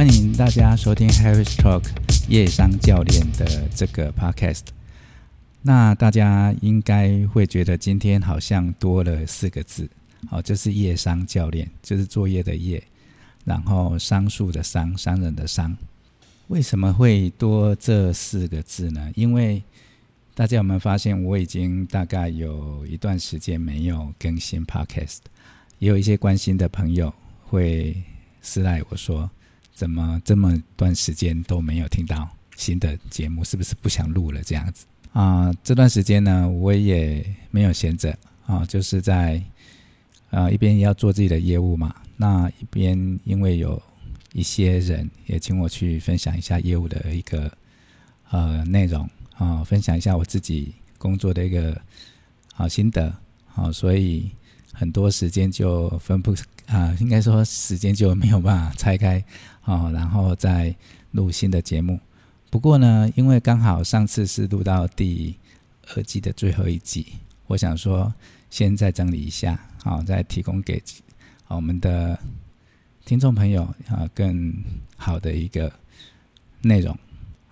歡迎大家收聽 Harry's Talk 業商教練的這個 Podcast。那大家應該會覺得今天好像多了四個字，哦，這、就是業商教練，這、就是作業的業，然後商數的商，商人的商。為什麼會多這四個字呢？因為大家有沒有發現，我已經大概有一段時間沒有更新 Podcast，也有一些關心的朋友會私賴我說。怎麼這麼段時間都沒有聽到新的節目？是不是不想錄了這樣子啊？這段時間呢，我也沒有閒着啊，就是在啊，一邊要做自己的業務嘛，那一邊因為有一些人也請我去分享一下業務的一個呃內容啊，分享一下我自己工作的一個好、啊、心得啊，所以很多時間就分不。啊，應該說時間就沒有辦法拆開，好、哦，然後再錄新的節目。不過呢，因為剛好上次是錄到第二季的最後一集，我想說先再整理一下，好、哦，再提供給我們的聽眾朋友啊，更好的一個內容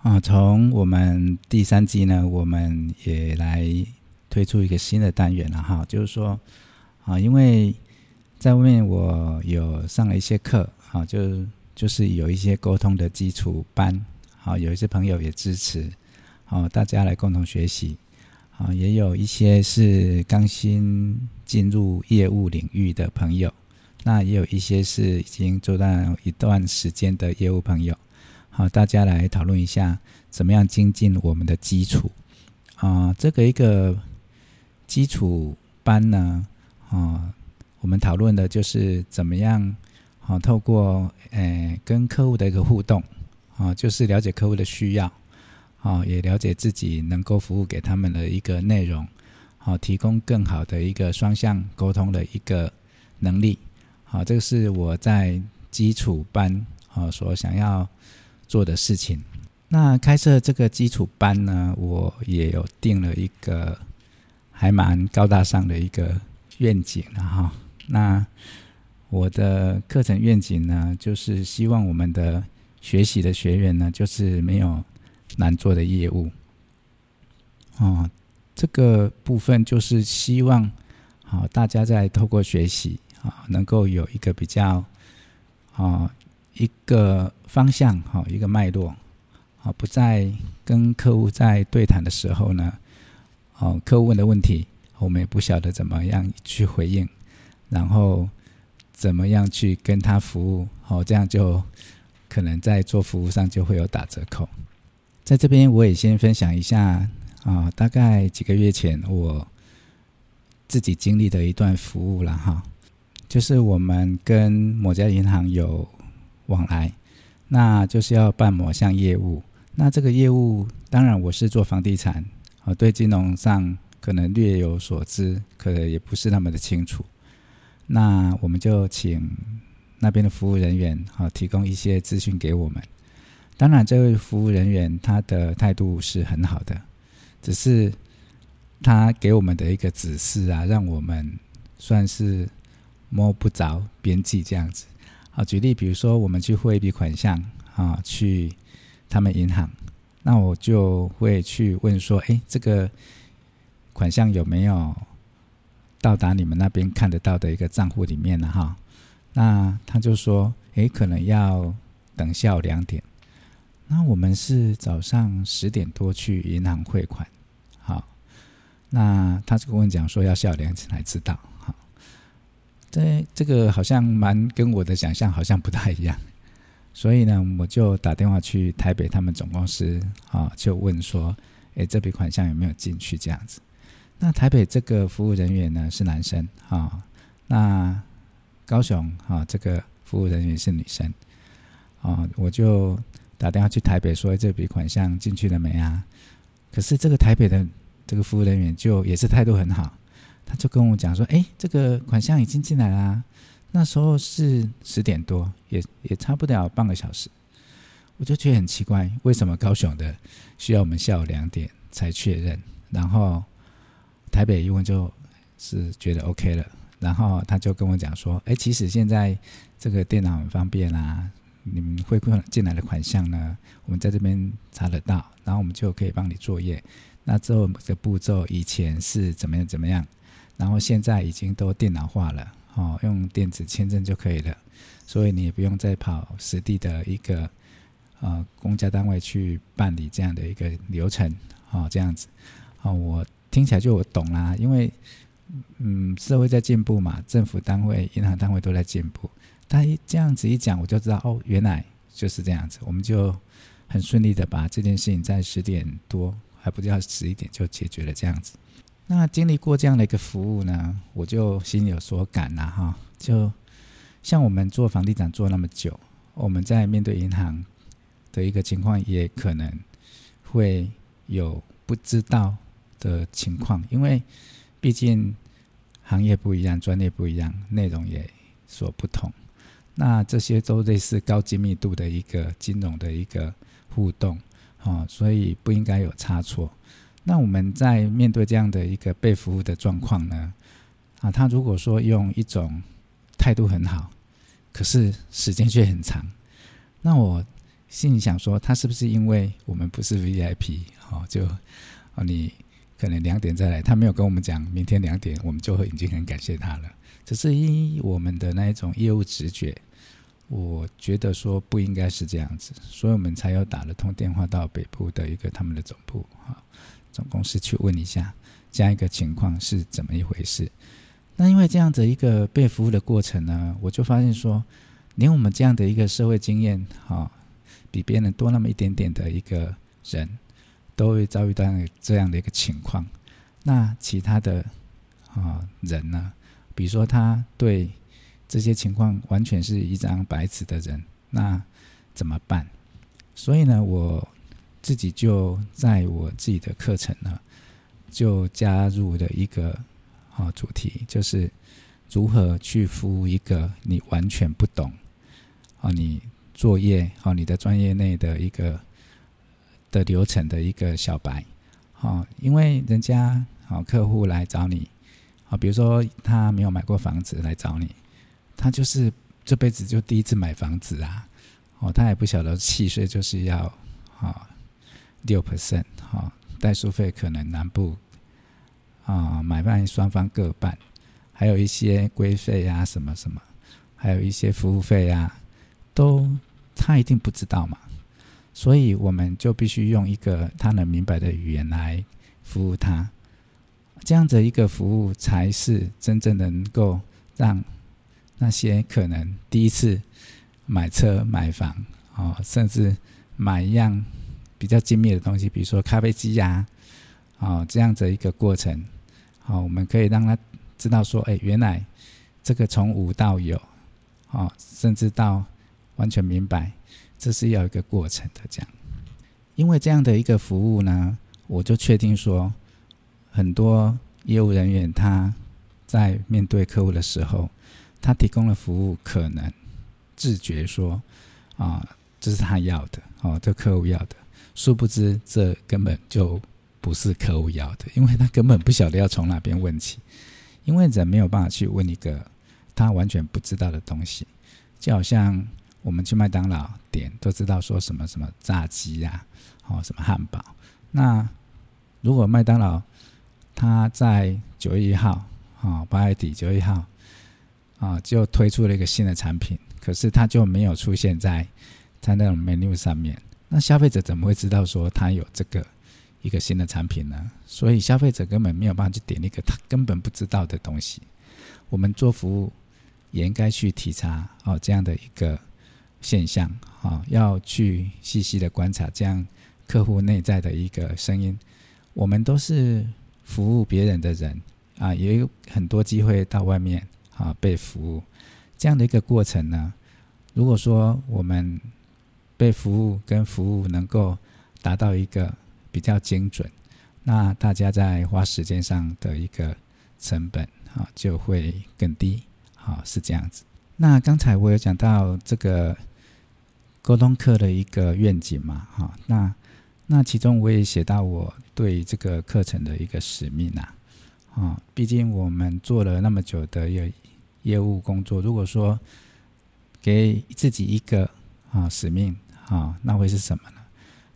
啊。從我們第三季呢，我們也來推出一個新的單元了哈、哦，就是說啊，因為。在外面，我有上了一些課，好、啊，就就是有一些溝通的基礎班，好、啊，有一些朋友也支持，好、啊，大家來共同學習，好、啊，也有一些是剛新進入業務領域的朋友，那也有一些是已經做到一段時間的業務朋友，好、啊，大家來討論一下怎麼樣精進我們的基礎，啊，這個一個基礎班呢，啊。我們討論的就是怎麼樣，好，透過誒跟客戶的一個互動，好，就是了解客戶的需要，好，也了解自己能夠服務給他們的一個內容，好，提供更好的一個雙向溝通的一個能力，好，這個是我在基礎班啊所想要做的事情。那開設這個基礎班呢，我也有定了一個還蠻高大上的一個願景，那我的課程願景呢，就是希望我們的學習的學員呢，就是沒有難做的業務。啊、哦，這個部分就是希望，好、哦、大家在透過學習啊、哦，能夠有一個比較啊、哦、一個方向，好、哦、一個脈絡，啊、哦，不再跟客戶在對談的時候呢，哦，客戶問的問題，我們也不曉得怎麼樣去回應。然後怎麼樣去跟他服務？好，這樣就可能在做服務上就會有打折扣。在這邊我也先分享一下啊，大概幾個月前我自己經歷的一段服務了哈。就是我們跟某家銀行有往來，那就是要辦某項業務。那這個業務當然我是做房地產啊，對金融上可能略有所知，可能也不是那麼的清楚。那我們就請那邊的服務人員啊，提供一些資訊給我們。當然，這位服務人員他的態度是很好的，只是他給我們的一個指示啊，讓我們算是摸不着邊際這樣子。好，舉例，比如說我們去匯一筆款項啊，去他們銀行，那我就會去問說，誒，這個款項有沒有？到達你們那邊看得到的一個賬戶裡面了、啊、哈，那他就說，誒、欸，可能要等下午兩點。那我們是早上十點多去銀行匯款，好，那他就跟我講說要下午兩點才知道，好。這這個好像蠻跟我的想象好像不太一樣，所以呢，我就打電話去台北他們總公司啊，就問說，誒、欸，這筆款項有沒有進去這樣子？那台北這個服務人員呢是男生啊、哦，那高雄啊、哦、這個服務人員是女生、哦，啊我就打電話去台北說這筆款項進去了沒啊？可是這個台北的這個服務人員就也是態度很好，他就跟我講說，誒，這個款項已經進來啦、啊。那時候是十點多，也也差不了半個小時，我就覺得很奇怪，為什麼高雄的需要我們下午兩點才確認，然後，台北一問就是覺得 OK 了，然後他就跟我講說：“哎、欸，其實現在這個電腦很方便啊，你們匯款進來的款項呢，我們在這邊查得到，然後我們就可以幫你作業。那之後的步驟以前是怎麼樣怎麼樣，然後現在已經都電腦化了，哦，用電子簽證就可以了，所以你也不用再跑實地的一個呃公家單位去辦理這樣的一個流程，啊、哦，這樣子啊、哦，我。”聽起來就我懂啦，因為，嗯，社會在進步嘛，政府單位、銀行單位都在進步。他一這樣子一講，我就知道哦，原來就是這樣子。我們就很順利的把這件事情在十點多，還不知道十一點就解決了這樣子。那經歷過這樣的一個服務呢，我就心有所感啦、啊，哈、哦，就像我們做房地產做那麼久，我們在面對銀行的一個情況，也可能會有不知道。的情況，因為畢竟行業不一樣、專業不一樣、內容也有所不同，那這些都類似高精密度的一個金融的一個互動哦，所以不應該有差錯。那我們在面對這樣的一個被服務的狀況呢？啊，他如果說用一種態度很好，可是時間卻很長，那我心裡想說，他是不是因為我們不是 VIP 哦，就啊你。可能兩點再來，他沒有跟我們講明天兩點，我們就會已經很感謝他了。只是因我們的那一種業務直覺，我覺得說不應該是這樣子，所以我們才有打了通電話到北部的一個他們的總部啊總公司去問一下，這樣一個情況是怎麼一回事？那因為這樣的一個被服務的過程呢，我就發現說，連我們這樣的一個社會經驗啊，比別人多那麼一點點的一個人。都會遭遇到這樣的一個情況。那其他的啊人呢？比如說他對這些情況完全是一張白紙的人，那怎麼辦？所以呢，我自己就在我自己的課程呢，就加入了一個啊主題，就是如何去服務一個你完全不懂啊，你作業啊，你的專業內的一個。的流程的一個小白，哦，因為人家好客戶來找你，好，比如說他沒有買過房子來找你，他就是這輩子就第一次買房子啊，哦，他也不曉得契稅就是要啊六 percent，哈，代書費可能南部啊買賣雙方各半，還有一些規費啊什麼什麼，還有一些服務費啊，都他一定不知道嘛。所以我們就必須用一個他能明白的語言來服務他，這樣子一個服務才是真正能夠讓那些可能第一次買車、買房哦，甚至買一樣比較精密的東西，比如說咖啡機呀，哦，這樣子一個過程，哦，我們可以讓他知道說，哎，原來這個從無到有，哦，甚至到完全明白。這是要一個過程的，這樣，因為這樣的一個服務呢，我就確定說，很多業務人員他在面對客戶的時候，他提供的服務可能自覺說，啊，這是他要的，哦，這客戶要的，殊不知這根本就不是客戶要的，因為他根本不曉得要從哪邊問起，因為人沒有辦法去問一個他完全不知道的東西，就好像。我們去麥當勞點都知道說什麼什麼炸雞啊，哦什麼漢堡。那如果麥當勞它在九月一號啊、哦、八月底、九月一號啊、哦、就推出了一個新的產品，可是它就沒有出現在在那種 menu 上面。那消費者怎麼會知道說他有這個一個新的產品呢？所以消費者根本沒有辦法去點一個他根本不知道的東西。我們做服務也應該去體察哦這樣的一個。現象啊，要去細細的觀察，這樣客戶內在的一個聲音。我們都是服務別人的人啊，也有很多機會到外面啊被服務。這樣的一個過程呢，如果說我們被服務跟服務能夠達到一個比較精準，那大家在花時間上的一個成本啊就會更低。好，是這樣子。那剛才我有講到這個溝通課的一個願景嘛，哈，那那其中我也寫到我對這個課程的一個使命吶，啊，畢竟我們做了那麼久的業業務工作，如果說給自己一個啊使命啊，那會是什麼呢？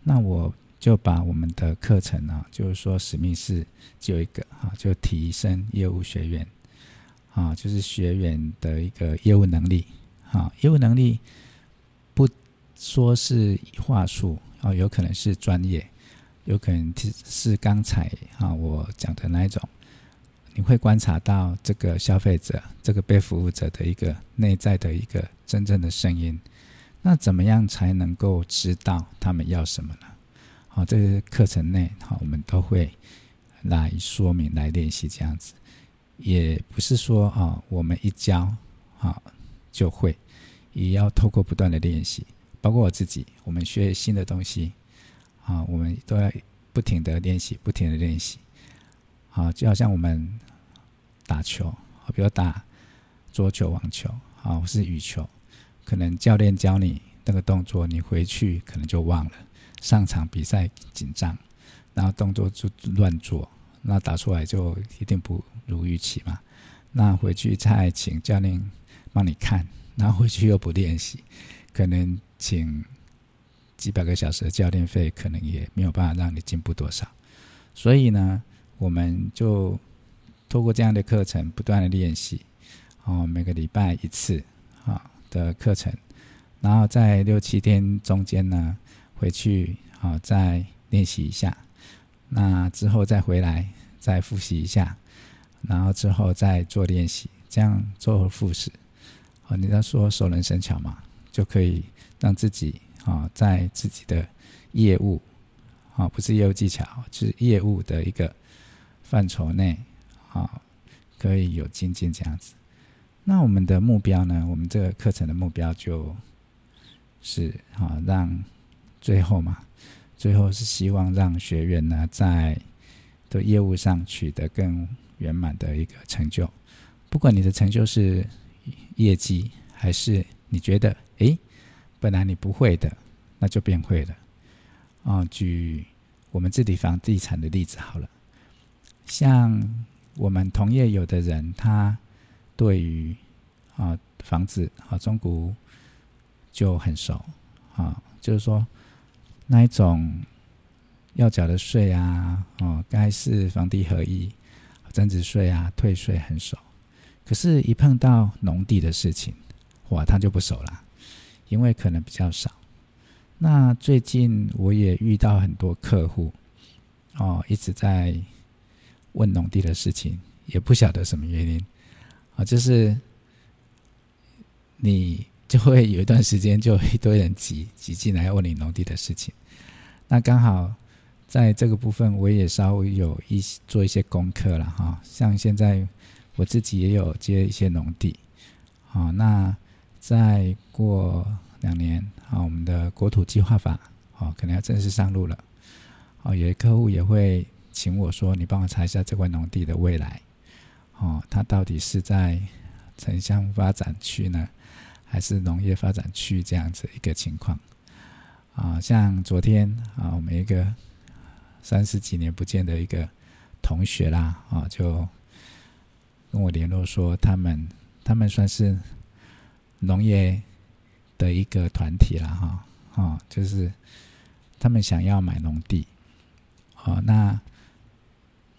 那我就把我們的課程呢，啊，就是說使命是只有一個，哈，就提升業務學員，啊，就是學員的一個業務能力，啊，業務能力。說是話術啊，有可能是專業，有可能是剛才啊我講的那一種。你會觀察到這個消費者、這個被服務者的一個內在的一個真正的聲音。那怎麼樣才能夠知道他們要什麼呢？好，這個課程內好，我們都會來說明、來練習這樣子。也不是說啊，我們一教啊就會，也要透過不斷的練習。包括我自己，我們學新的東西啊，我們都要不停的練習，不停的練習啊，就好像我們打球，比如打桌球、網球啊，或是羽球，可能教練教你那個動作，你回去可能就忘了，上場比賽緊張，然後動作就亂做，那打出來就一定不如預期嘛。那回去再請教練幫你看，然後回去又不練習，可能。請幾百個小時的教練費，可能也沒有辦法讓你進步多少。所以呢，我們就透過這樣的課程，不斷的練習，哦，每個禮拜一次啊的課程，然後在六七天中間呢，回去啊再練習一下，那之後再回來再複習一下，然後之後再做練習，這樣周而復始，好，你在說熟能生巧嗎？就可以讓自己啊，在自己的業務啊，不是業務技巧，是業務的一個範疇內，啊，可以有精進這樣子。那我們的目標呢？我們這個課程的目標就是啊，讓最後嘛，最後是希望讓學員呢，在的業務上取得更圓滿的一個成就。不管你的成就是業績，還是你覺得。本來你不會的，那就變會了啊、哦！舉我們自己房地產的例子好了，像我們同業有的人，他對於啊、哦、房子和、哦、中國就很熟啊、哦，就是說那一種要繳的稅啊，哦，該是房地合一、增值稅啊、退稅很熟，可是，一碰到農地的事情，哇，他就不熟了、啊。因為可能比較少，那最近我也遇到很多客戶，哦，一直在問農地的事情，也不曉得什麼原因，啊、哦，就是你就會有一段時間就一堆人擠擠進來問你農地的事情，那剛好在這個部分我也稍微有一做一些功課了哈、哦，像現在我自己也有接一些農地，好、哦、那。再過兩年，啊，我們的國土計劃法，啊、哦，可能要正式上路了。哦，有些客戶也會請我說，你幫我查一下這塊農地的未來，哦，它到底是在城鄉發展區呢，還是農業發展區這樣子一個情況？啊、哦，像昨天啊、哦，我們一個三十幾年不見的一個同學啦，啊、哦，就跟我聯絡說，他們他們算是。農業的一個團體了哈，哦，就是他們想要買農地，哦，那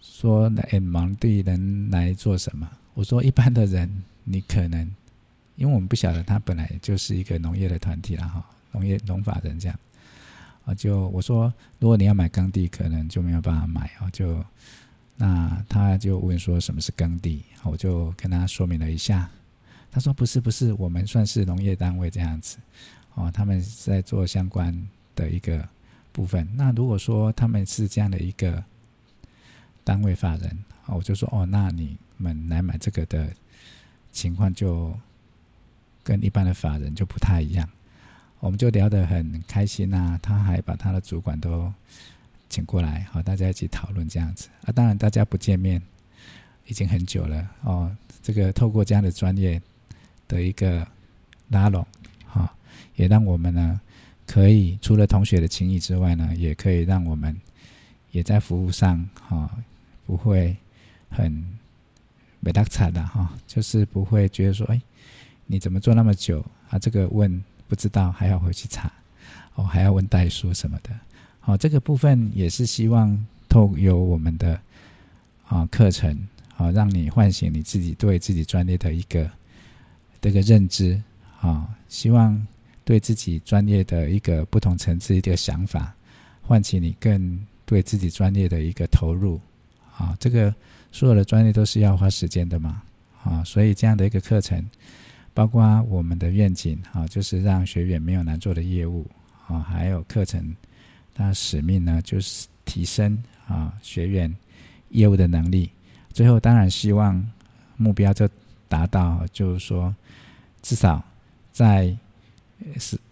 說哎，忙、欸、地人來做什麼？我說一般的人，你可能，因為我們不曉得他本來就是一個農業的團體了哈、哦，農業農法人這樣，啊、哦，就我說如果你要買耕地，可能就沒有辦法買啊、哦，就那他就問說什麼是耕地，我就跟他說明了一下。他說：“不是，不是，我們算是農業單位這樣子，哦，他們在做相關的一個部分。那如果說他們是這樣的一個單位法人，哦，我就說哦，那你們來買這個的情況就跟一般的法人就不太一樣。我們就聊得很開心吶、啊，他還把他的主管都請過來，好、哦、大家一起討論這樣子啊。當然大家不見面，已經很久了哦。這個透過這樣的專業。”的一個拉攏，哈，也讓我們呢可以除了同學的情誼之外呢，也可以讓我們也在服務上哈，不會很沒得差的哈。就是不會覺得說，哎，你怎麼做那麼久啊？這個問不知道，還要回去查，哦，還要問代書什麼的。好，這個部分也是希望透由我們的啊課程，好，讓你喚醒你自己對自己專業的一個。這個認知啊、哦，希望對自己專業的一個不同層次的想法，喚起你更對自己專業的一個投入啊、哦。這個所有的專業都是要花時間的嘛啊、哦，所以這樣的一個課程，包括我們的願景啊、哦，就是讓學員沒有難做的業務啊、哦，還有課程它使命呢，就是提升啊、哦、學員業務的能力。最後當然希望目標就達到，就是說。至少在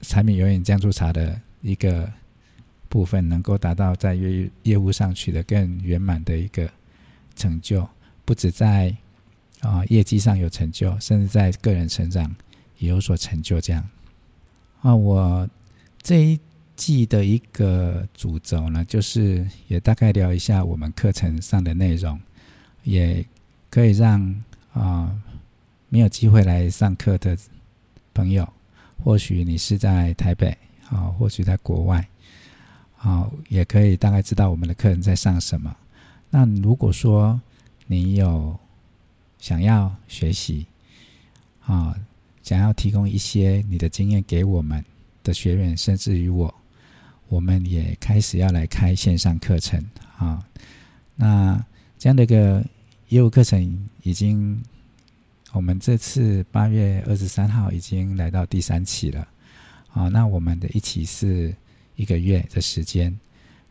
柴米油鹽醬醋茶的一個部分，能夠達到在業業務上取得更圓滿的一個成就，不止在啊業績上有成就，甚至在個人成長也有所成就。這樣啊，我這一季的一個主軸呢，就是也大概聊一下我們課程上的內容，也可以讓啊。沒有機會來上課的朋友，或許你是在台北啊，或許在國外，啊，也可以大概知道我們的客人在上什麼。那如果說你有想要學習啊，想要提供一些你的經驗給我們的學員，甚至於我，我們也開始要來開線上課程啊。那這樣的一個業務課程已經。我們這次八月二十三號已經來到第三期了，啊，那我們的一期是一個月的時間。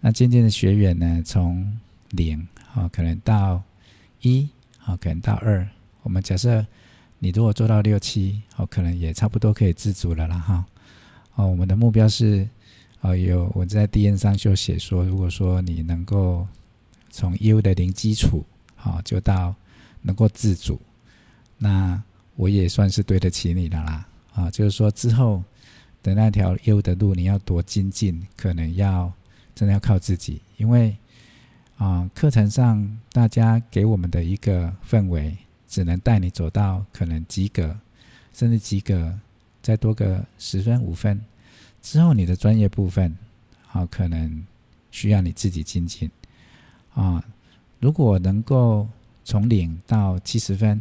那今天的學員呢，從零啊、哦，可能到一啊、哦，可能到二。我們假設你如果做到六期，哦，可能也差不多可以自主了啦。哈。哦，我們的目標是，哦，有我在 D N 上就寫說，如果說你能夠從 U 的零基礎，好、哦，就到能夠自主。那我也算是對得起你的啦，啊，就是說之後的那條業務的路，你要多精進，可能要真的要靠自己，因為啊，課程上大家給我們的一個氛圍，只能帶你走到可能及格，甚至及格，再多個十分五分之後，你的專業部分好、啊、可能需要你自己精進啊。如果能夠從零到七十分。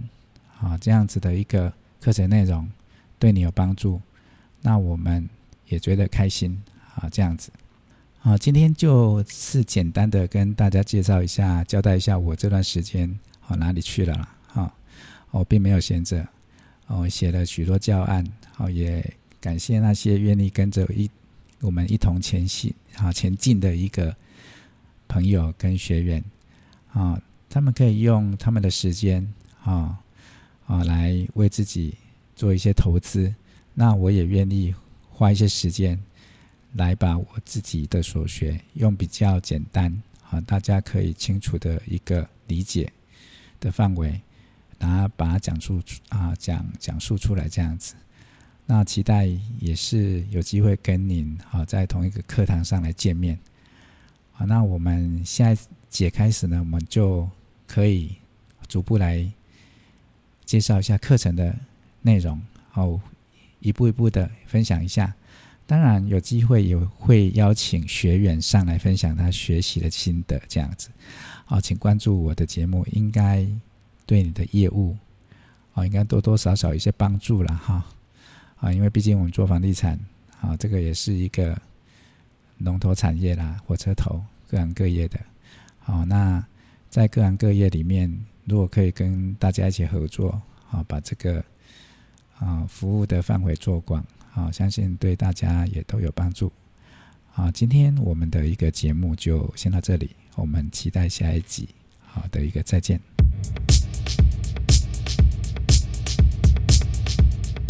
啊，這樣子的一個課程內容對你有幫助，那我們也覺得開心啊。這樣子啊，今天就是簡單的跟大家介紹一下，交代一下我這段時間啊哪裡去了啦。哈，我並沒有閒着，我寫了許多教案，好，也感謝那些願意跟着一我們一同前行啊、前進的一個朋友跟學員啊，他們可以用他們的時間啊。啊，來為自己做一些投資，那我也願意花一些時間，來把我自己的所學用比較簡單啊，大家可以清楚的一個理解的範圍，然後把它講述啊講講述出來這樣子。那期待也是有機會跟您啊在同一個課堂上來見面。好，那我們下一節開始呢，我們就可以逐步來。介紹一下課程的內容，好，一步一步的分享一下。當然有機會也會邀請學員上來分享他學習的心得，這樣子。好，請關注我的節目，應該對你的業務，啊，應該多多少少有些幫助了哈。啊，因為畢竟我們做房地產，啊，這個也是一個龍頭產業啦，火車頭，各行各業的。好，那在各行各業裡面。如果可以跟大家一起合作，好，把這個啊服務的範圍做廣，啊相信對大家也都有幫助。啊，今天我們的一個節目就先到這裡，我們期待下一集，好的一個再見。